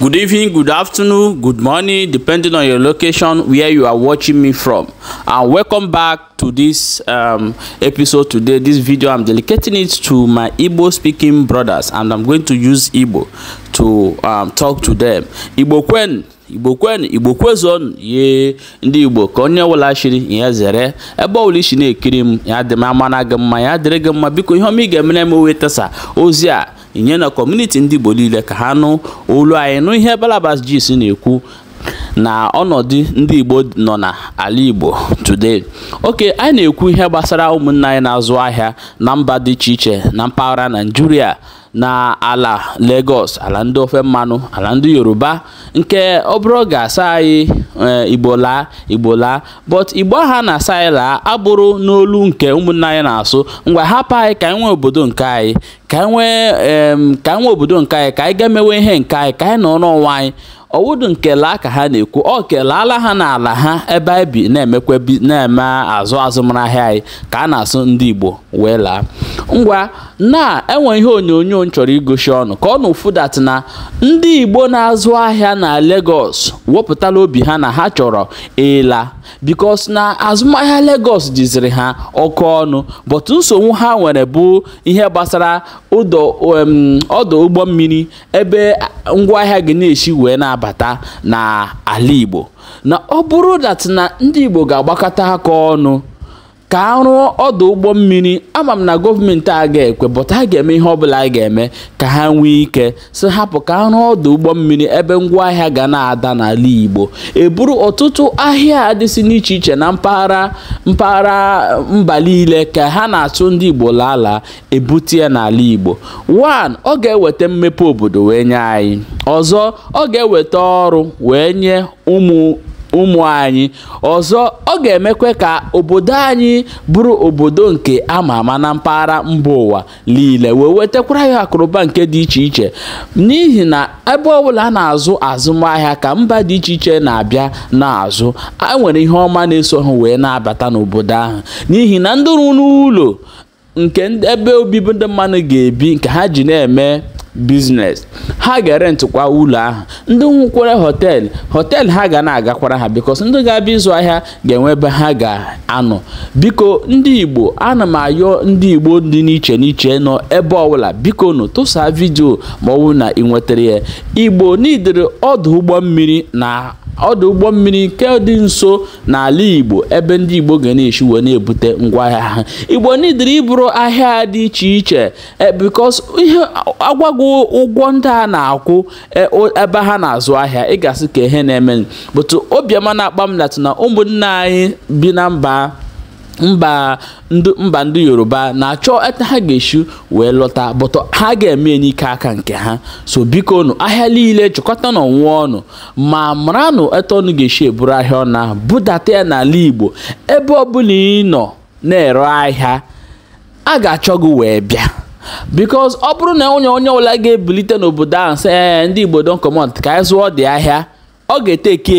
Good evening, good afternoon, good morning, depending on your location where you are watching me from. And welcome back to this um, episode today. This video, I'm dedicating it to my Igbo speaking brothers, and I'm going to use Igbo to um, talk to them. Igbo Kwen. igbo kwen igbo kwezon ye ndị igbo ka onye ọbụla chiri ya zere ebe ọbụla ichi na-ekiri m ya dị m ama na gị mma ya dịrị gị mma biko ihe ọma ị ga-emere m wetasa ozi a inye na kọmuniti ndị Igbo niile ka ha nụ olu anyị nụ ihe balabas jis na-ekwu na ọnọdụ ndị Igbo nọ n'ala Igbo today oke anyị na-ekwu ihe gbasara ụmụnna anyị na-azụ ahịa na mba dị iche iche na mpaghara Naijiria na ala Lagos ala ndị ofe mmanụ ala ndị Yoruba nke ọ bụrụ ga-asa anyị Eh, igbo laa igbo laa but igbo aha na-asa anyị laa abụrụ n'olu nke ụmụnne anyị na-asụ ngwa hapụ anyị ka anyị nwee obodo nke anyị ka anyị nwee ka anyị nwee obodo nke anyị ka anyị ga-emewe ihe nke anyị ka anyị nọrọ n'ụwa anyị owudu nke laa ka ha na-ekwu ọ kelaala ha n'ala ha ebe anyị bi na-emekwe na-eme azụ azụmahịa anyị ka a na-asụ ndị igbo wee laa ngwa na enwe ihe onyonyo m chọrọ igosi ọnụ ka ọ na ụfụdat na ndị igbo na-azụ ahịa na Lagos wepụtala obi ha na ha chọrọ ịla bikos na azụmahịa Lagos diziri ha ọkụ ọnụ but nsogbu ha nwere bụ ihe gbasara ọdụ ụgbọ mmiri ebe ngwaahịa gị na-esi wee na-abata na ala Igbo na ọ bụrụ dat na ndị Igbo ga-agbakọta aka ọnụ ka a rụọ ọdụ ụgbọ mmiri ama m na gọọmenti a ga-ekwe bọta a ga-eme ihe ọbụla a ga-eme ka ha nwee ike si hapụ ka a rụọ ọdụ ụgbọ mmiri ebe ngwaahịa ga na-ada n'ala Igbo eburu ọtụtụ ahịa adịsị n'iche iche na mpaghara mpaghara mba niile ka ha na-atụ ndị Igbo lala ebute n'ala Igbo 1 ọ ga-eweta mmepe obodo wee nye anyị ọzọ ọ ga-eweta ọrụ wee nye ụmụ ụmụ anyị ọzọ ọ ga-emekwa ka obodo anyị bụrụ obodo nke ama ama na mpaghara mba ụwa niile wee wetakwara ya akụrụba nke dị iche iche n'ihi na ebe ọbụla a na-azụ azụmahịa ka mba dị iche iche na-abịa na-azụ enwere ihe ọma na-eso ha wee na-abata n'obodo ahụ n'ihi na ndị rụrụ nke ebe obibi ndị mmadụ ga-ebi nke ha ji na-eme biznes ha ga-erentukwa ụlọ ahụ ndị nwukwere họteelụ họteelụ ha ga na-agakwara ha bikos ndị ga-abịa ịzụ ahịa ga-enwe ebe ha ga-anọ biko ndị igbo ana m ayọ ndị igbo dị n'iche n'iche nọ ebe ọbụla biko nụ tụsa vidiyo ma ọ bụ na ị ya igbo n'idere ọdụ ụgbọ mmiri na ọ dị ụgbọ mmiri nke dị nso n'ala igbo ebe ndị igbo ga na-eshi wee na-ebute ngwaahịa ha igbo n'idiri ịbụrụ ahịa dị iche iche e, bikos ihe agwago ụgwọ ndị a na-akwụ e, ebe ha na-azụ ahịa ịgasị ka ihe na-eme bụtụ obiọma na-akpa m na ụmụnna anyị bi na mba mba mba ndị yoruba na-achọ ete ha ga-eshi wee lọta bụtọ ha ga-eme n'ike aka nke ha so biko nụ ahịa niile chịkọta n'ọnwụ ọnụ ma maranụ ete ọnụ ga-eshi eburu ahịa ọnụ ahụ budata ya n'ala igbo ebe ọbụla ị nọ na-ere ahịa a ga-achọ gị wee bịa bikos ọ bụrụ na onye onye ọbụla ga-ebulite n'obodo ahụ sị ee ndị igbo don comot ka anyị zụọ dị ahịa ọ ga-ete ke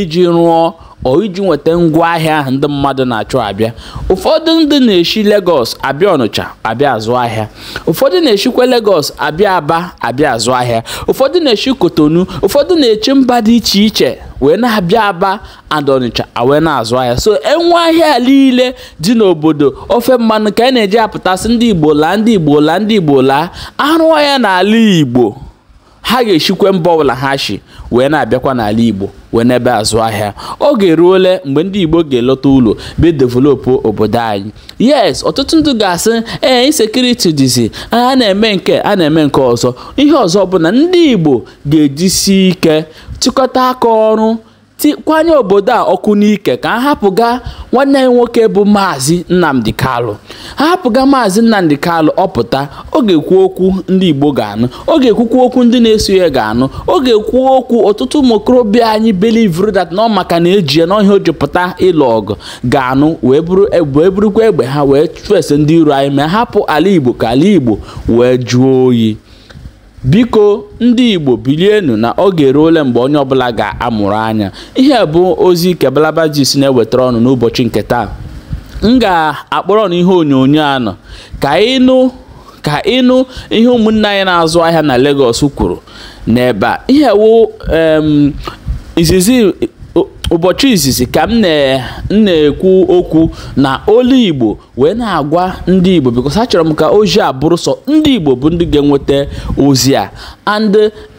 iji rụọ ọ iji nweta ngwaahịa ahịa ndị mmadụ na-achọ abịa ụfọdụ ndị na-eshi legos abịa ọnụcha abịa azụ ahịa ụfọdụ na-eshikwa legos abịa Aba abịa azụ ahịa ụfọdụ na-eshi Kotonu ụfọdụ na-eche mba dị iche iche wee na-abịa Aba and awee na-azụ ahịa so enwe ahịa niile dị n'obodo ofe mmanụ ka a na-eji apụtasị ndị Igbo laa ndị Igbo laa ndị Igbo laa arụwa ya n'ala Igbo ha ga-eshikwe mba ọbụla ha shi wee na-abịakwa n'ala igbo wee n'ebe azụ ahịa oge eruole mgbe ndị igbo ga-elọta ụlọ be developu obodo anyị yes ọtụtụ ndụ ga-asị ee insekuriti dịzi a na-eme nke a na-eme nke ọzọ ihe ọzọ bụ na ndị igbo ga-ejisi ike chịkọta aka ọrụ tikwanye obodo a ọkụ n'ike ka a nwanne ya nwoke bụ maazị nnamdi kalụ ha hapụga maazị nnamdi kalụ ọpụta ọ ga-ekwu okwu ndị igbo ga-anụ ọ ga-ekwukwu okwu ndị na-eso ya ga-anụ ọ ga-ekwu okwu ọtụtụ ụmụ okorobịa anyị believe dat na ọ maka na eji ya n'ọhịa o jupụta ịlụ ọgụ ga-anụ wee bụrụ e, wee bụrụkwa egbe ha wee fesa ndị iro anyị ma hapụ ala igbo ka ala igbo wee jụọ oyi biko ndị igbo bilienu na ọ ga-erule mgbe onye ọbụla ga-amụrụ anya ihe bụ ozi ike jis na-ewetara ọnụ n'ụbọchị nke taa m ga-akpọrọ ihe onyonyo anọ ka ịnụ ka ịnụ ihe ụmụnne anyị na-azụ ahịa na Lagos kwuru na ebe a ihe wụ izizi ụbọchị izizi ka m na-ekwu okwu na olu igbo wee na-agwa ndị igbo because chọrọ m ka ozi a bụrụ sọ ndị igbo bụ ndị ga-enweta ozi a and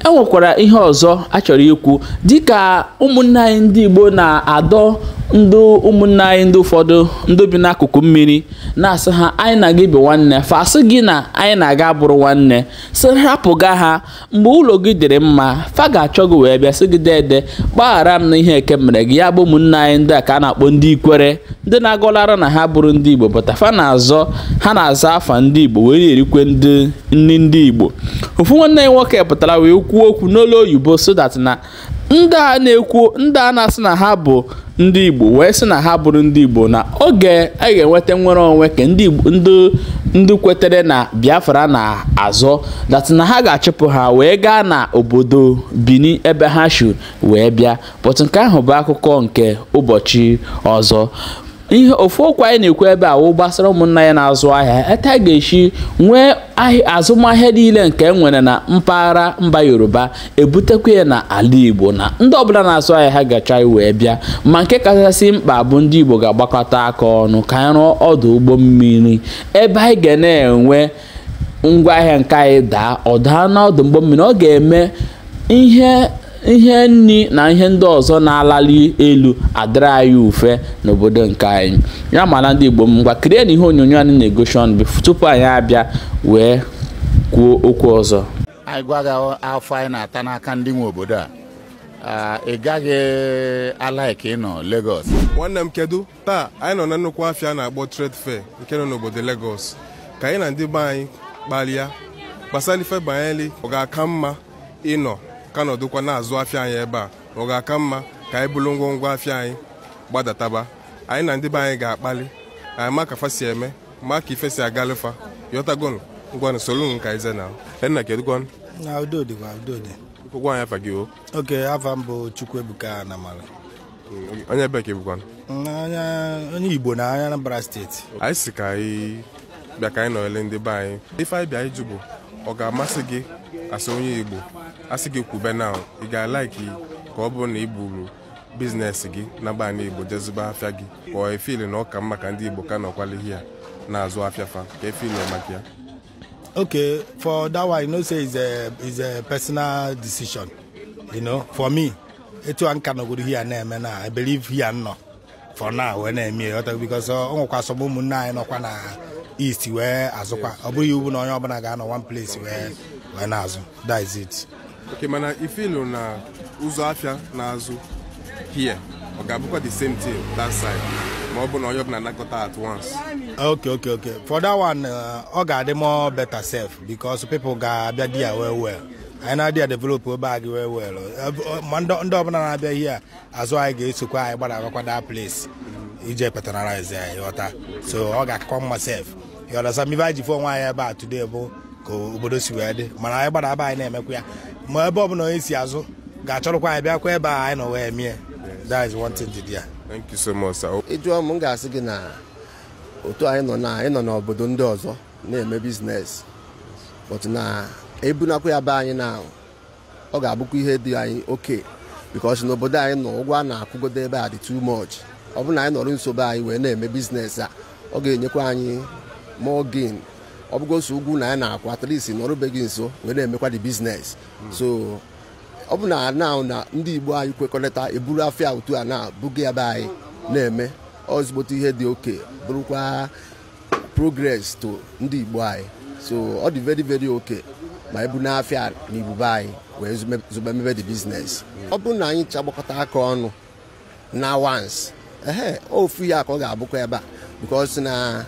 enwekwara ihe ọzọ a achọrọ ikwu dịka ụmụnne anyị ndị igbo na-adọ ndị ụmụnne anyị ndị ụfọdụ ndị bi n'akụkụ mmiri na-asị ha anyị na gị bi nwanne fasị gị na anyị na-aga bụrụ nwanne sị hapụga ha mgbe ụlọ gị dịrị mma fa ga-achọ gị wee bịa sị gị dede gbaghara m na ihe eke mere gị ya bụ ụmụnne anyị ndị a ka a na-akpọ ndị ikwere ndị na-agọlara na ha bụrụ ndị igbo bụta fa na-azọ ha na-aza afa ndị igbo wee na-erikwe ndị nri ndị igbo ofu nwanne ya nwoke pụtara wee kwuo okwu n'olu oyibo so na ndị a na-ekwu ndị a na-asị na ha bụ ndị Igbo wee sị na ha bụrụ ndị Igbo na oge a ga-enweta nwere onwe ka ndị kwetere na Biafra na-azọ datị na ha ga-achụpụ ha wee gaa na obodo Benin ebe ha shu wee bịa bọtụ nke ahụ bụ akụkọ nke ụbọchị ọzọ ihe ofu okwu anyị na-ekwu ebe a wụ gbasara ụmụnna ya na-azụ ahịa eta ga-esi nwee azụmahịa niile nke enwere na mpaghara mba yoruba ebutekwa ya na ala igbo na ndị ọbụla na-azụ ahịa ha gacha wee bịa ma nke kachasị mkpa bụ ndị igbo ga-agbakọta aka ọnụ ka anyị rụọ ọdụ ụgbọ mmiri ebe anyị ga na-enwe ngwaahịa nke anyị daa ọ daa n'ọdụ ụgbọ mmiri ọ ga-eme ihe ihe nni na ihe ndị ọzọ na-alali elu adịrị anyị ufe n'obodo nke anyị ya mara ndị igbo m ngwa kirie na ihe onyonyo anyị na-egosi ọnụ tupu anyị abịa wee kwuo okwu ọzọ anyị gwa gị afọ anyị na-ata n'aka ndị nwe obodo a ah, ị gaghị ala ka ị nọ Lagos nwanne m kedu taa anyị nọ na nnukwu afịa na-akpọ trade fair nke nọ n'obodo Lagos ka anyị na ndị be anyị kpalịa gbasara ife banyere ọ ga-aka mma ịnọ ka nọdụkwa na-azụ afịa anyị ebe a ọ ga-aka mma ka anyị bụrụ ngwongwo afịa anyị gbadataba anyị na ndị be anyị ga-akpali anyị ma ka fa si eme ma ka ife si agalifa yọtagon ngwanụ solu nka eze na enna kedugwan na udo dịkwa udo dị gwa anyị afa gị o oke afa m bụ Chukwuebuka Anamali onye ebe bekee bụkwan onye Igbo na Anambra steeti anyị si ka anyị bịa ka anyị nọnyere ndị be anyị ife anyị bịa iju ọ ga-amasị gị asị onye Igbo asị gị kwube na ị ga-alaiki ka ọ bụrụ na ị buru biznes gị naba na igbo jeziba afịa gị ka ọ efili na ọka mma ka ndị igbo ka nọkwalihi ya na-azụ afịa fa ka efili maka ya ok for that one you know say is a is a personal decision you know for me etu a nka nọgoro here na-eme na i believe here nọ for now wee na-eme ya because ọ uh, nwekwa asọmpi ụmụnne anyị nọkwa na east wee azụkwa ọ bụghị iwu na onye ọbụla ga-anọ one place wee wee na-azụ that is it ok mana ifilu na ụzọ afịa na-azụ here ọ ga-abụkwa the same thing that side ma ọ bụ na onye ọbụla nakọta at once. Ah, ok ok ok for that one ọ uh, ga-adị more better self because people ga-abịa di ya well well anyị na-adị ya develop ebe gị well well uh, uh, ma ndị ọbụla na-abịa ihe azụ anyị ga-esokwa anyị gbara agakwa that place ije patronalize anyị ghọta so ọ ga-akakwa mma sef yọrọ sam ife anyị ji fụ onwe anyị ebe a today bụ ka obodo si wee dị mana anyị gbara ebe anyị na-emekwa ya ma ebe ọ bụla onye si azụ ga-achọrọkwa anyị bịakwa ebe a anyị nọ wee mie ịjụọ m ga-asị gị na otu anyị nọ na n'obodo ndị ọzọ na-eme biznes but na ebunakwa ya be anyị na ọ ga-abụkwa ihe dị anyị oke n'obodo anyị nọ ụgwọ a na-akwụgodo ebe a dị anyị nọrọ anyị wee na-eme biznes a ọ ga-enyekwa anyị more ọ bụgosi ugwu na ya na-akwụ at nọrụbeghị nso wee na-emekwa dị biznes so ọ bụ na na na ndị Igbo anyị kwekọrịta eburu afọ otu a na-abụga ya be anyị na-eme ozigbote ihe dị oke bụrụkwa progress to ndị Igbo anyị so ọ dị veri veri oke ma ebu n'afịa na ibube anyị wee zụba emebe dị biznes ọ bụrụ na anyị chagbakọta aka ọnụ na wans ehe ofu ya ka ọ ga-abụkwa ebe a because na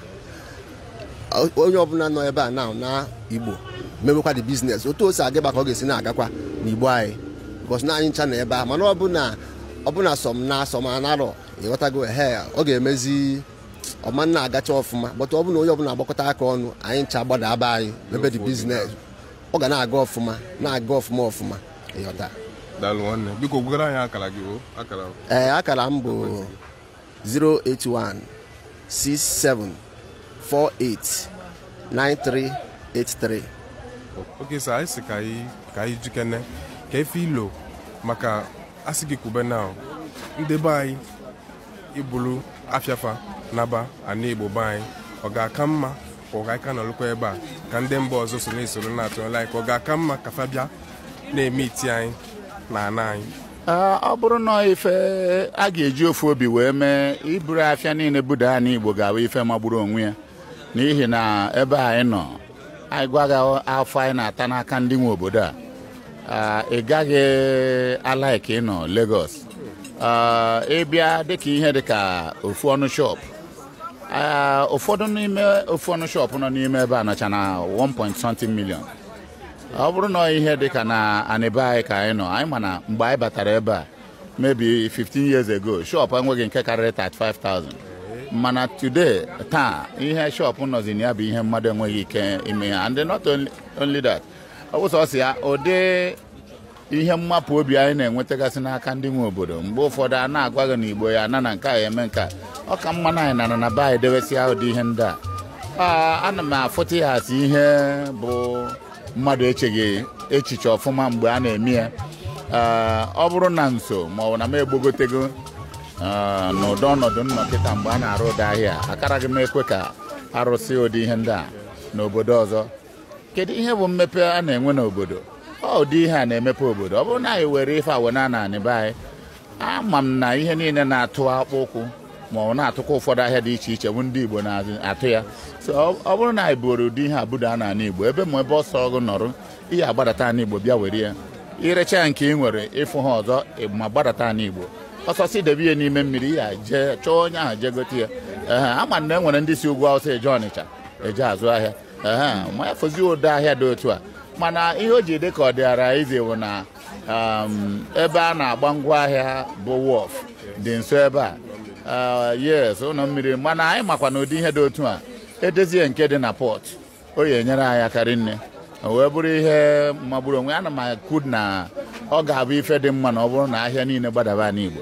onye ọbụla nọ ebe a na na igbo mewekwa dị biznes otu o si adịba ọ ga-esi na-agakwa n'igbo anyị bikos na anyị ncha na ebe a mana ọbụna ọbụna sọm na asọm anarọ ịghọtago he ọ ga-emezi ọma na agacha ọfụma bọtụ ọbụna onye ọbụla agbakọta aka ọnụ anyị ncha gbada aba anyị mebe dị biznes ọ ga na-aga ọfụma na-aga ọfụma ọfụma ịghọta ee akara m bụ 081 67 48 9383 oke anyị si ka anyị ka anyị jikene ka efe ilo maka asị gị kwube na ndị be anyị ibulu afiafa naba ana igbo be anyị ọ ga-aka mma ka ụga aka nọlụkwa ebe a ka ndị mba ọzọ so na-esoro na-atụnyela anyị ka ọ ga-aka mma ka fa na-eme iti anyị na ana anyị ọ bụrụ na ife a ga-eji ofu obi wee mee iburu afịa niile buda anyị igbo ga-abụ ife magburu onwe ya n'ihi na ebe anyị nọ anyị gwaghị afọ anyị na-ata n'aka ndị nwe obodo a ị gaghị alaiki ịnọ Lagos bịa dịka ihe dịka ofu ọnụ shop ụfọdụ n'ime ofu ọnụ shop nọ n'ime ebe a nọcha na 1.7 million ọ bụrụ na ihe dịka na anịbe anyị ka anyị nọ anyị ma na mgbe anyị batara ebe a maybe 15 years ago shop enweghị nke karịrị 35,000 mana today taa ihe shop nọzi na ya bụ ihe mmadụ enweghị ike ime ya and not only that ọ bụ ya ụdị ihe mmapụ obi anyị na-enwetagasị n'aka ndị nwe obodo mgbe ụfọdụ a na-agwa gị n'igbo ya na na nke a eme nke ọ ka mma na anyị nara na be anyị dewesịa ụdị ihe ndị a ana m afụta ya asị ihe bụ mmadụ echeghị echiche ọfụma mgbe a na-eme ya ọ bụrụ na nso maọbụ na m egbogotego Ah, n'ụdị ọnọdụ nnọkịta mgbe a na-arụ ụdị ahịa akaraghị m ekwe ka arụsị ụdị ihe ndị a n'obodo ọzọ kedu ihe bụ mmepe a na-enwe n'obodo ọ ụdị ihe a na-emepe obodo ọ bụrụ na anyị were ife awena na anị be anyị ama m na ihe niile na-atụ akpụ ụkwụ ma ọ na-atụkwa ụfọdụ ahịa dị iche iche bụ ndị Igbo na-atụ ya ọ bụrụ na anyị bụrụ ụdị ihe abụda a n'ala Igbo ebe ma ebe ọsọ ọgụ nọrụ ihe agbadata n'Igbo bịa were ya irecha nke ị nwere ịfụ ha ọzọ ma gbadata igbo ọsọsọ debe ya n'ime mmiri ya jee chọọ onye ahụ jee gote ya ee ama na e nwere ndị si ugwu awụsa eje ọnịcha eje azụ ahịa ee ma ya fozi ụdọ ahịa dị otu a mana ihe o ji dị ka ọ dịara bụ na um, ebe a na-agba ngwaahịa bụ wọf dị nso ebe a uh, yes ụlọ mmiri mana anyị makwa na ụdị ihe dị otu a edozie nke dị na pọt o ya enyere anyị akarị nne wee bụrụ ihe magburu onwe na m akwụ na ọ ga-abụ ife dị mma na ọ bụrụ na ahịa niile gbadaba n'Igbo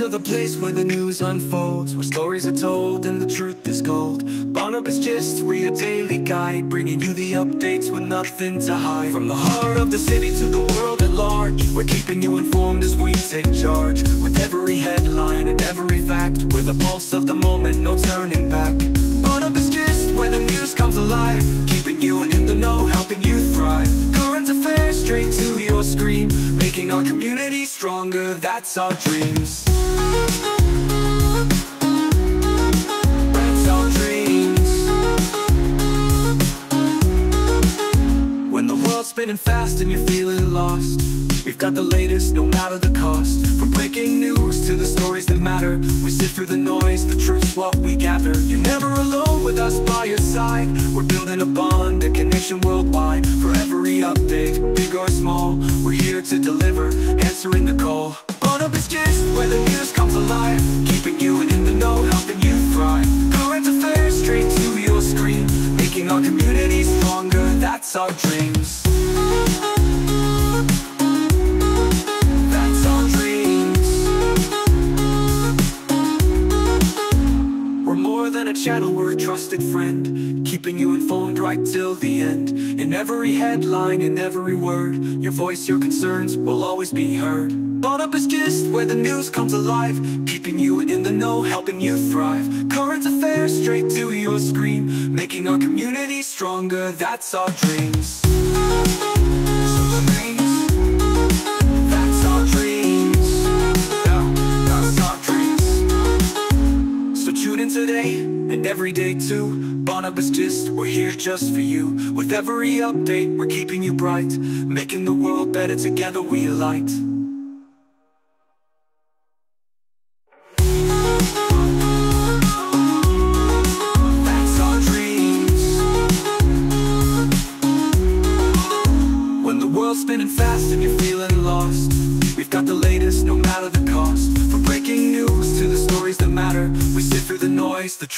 Welcome to the place where the news unfolds Where stories are told and the truth is gold Barnabas Gist, we're your daily guide Bringing you the updates with nothing to hide From the heart of the city to the world at large We're keeping you informed as we take charge With every headline and every fact We're the pulse of the moment, no turning back Barnabas Gist, where the news comes alive Keeping you in the know, helping you thrive Current affairs straight to your screen Making our community stronger, that's our dreams spinning fast and you're feeling lost We've got the latest, no matter the cost From breaking news to the stories that matter We sift through the noise, the truth's what we gather You're never alone with us by your side We're building a bond, a connection worldwide For every update, big or small We're here to deliver, answering the call On up is just where the news comes alive Keeping you in the know, helping you thrive Current affairs straight to fight till the end In every headline, in every word Your voice, your concerns will always be heard Brought up is just where the news comes alive Keeping you in the know, helping you thrive Current affairs straight to your screen Making our community stronger, that's our dreams today and every day too Barnabas just, we're here just for you With every update, we're keeping you bright Making the world better together we light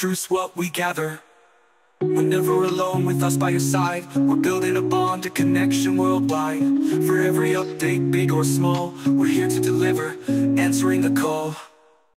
truth's what we gather We're never alone with us by your side We're building a bond, a connection worldwide For every update, big or small We're here to deliver, answering the call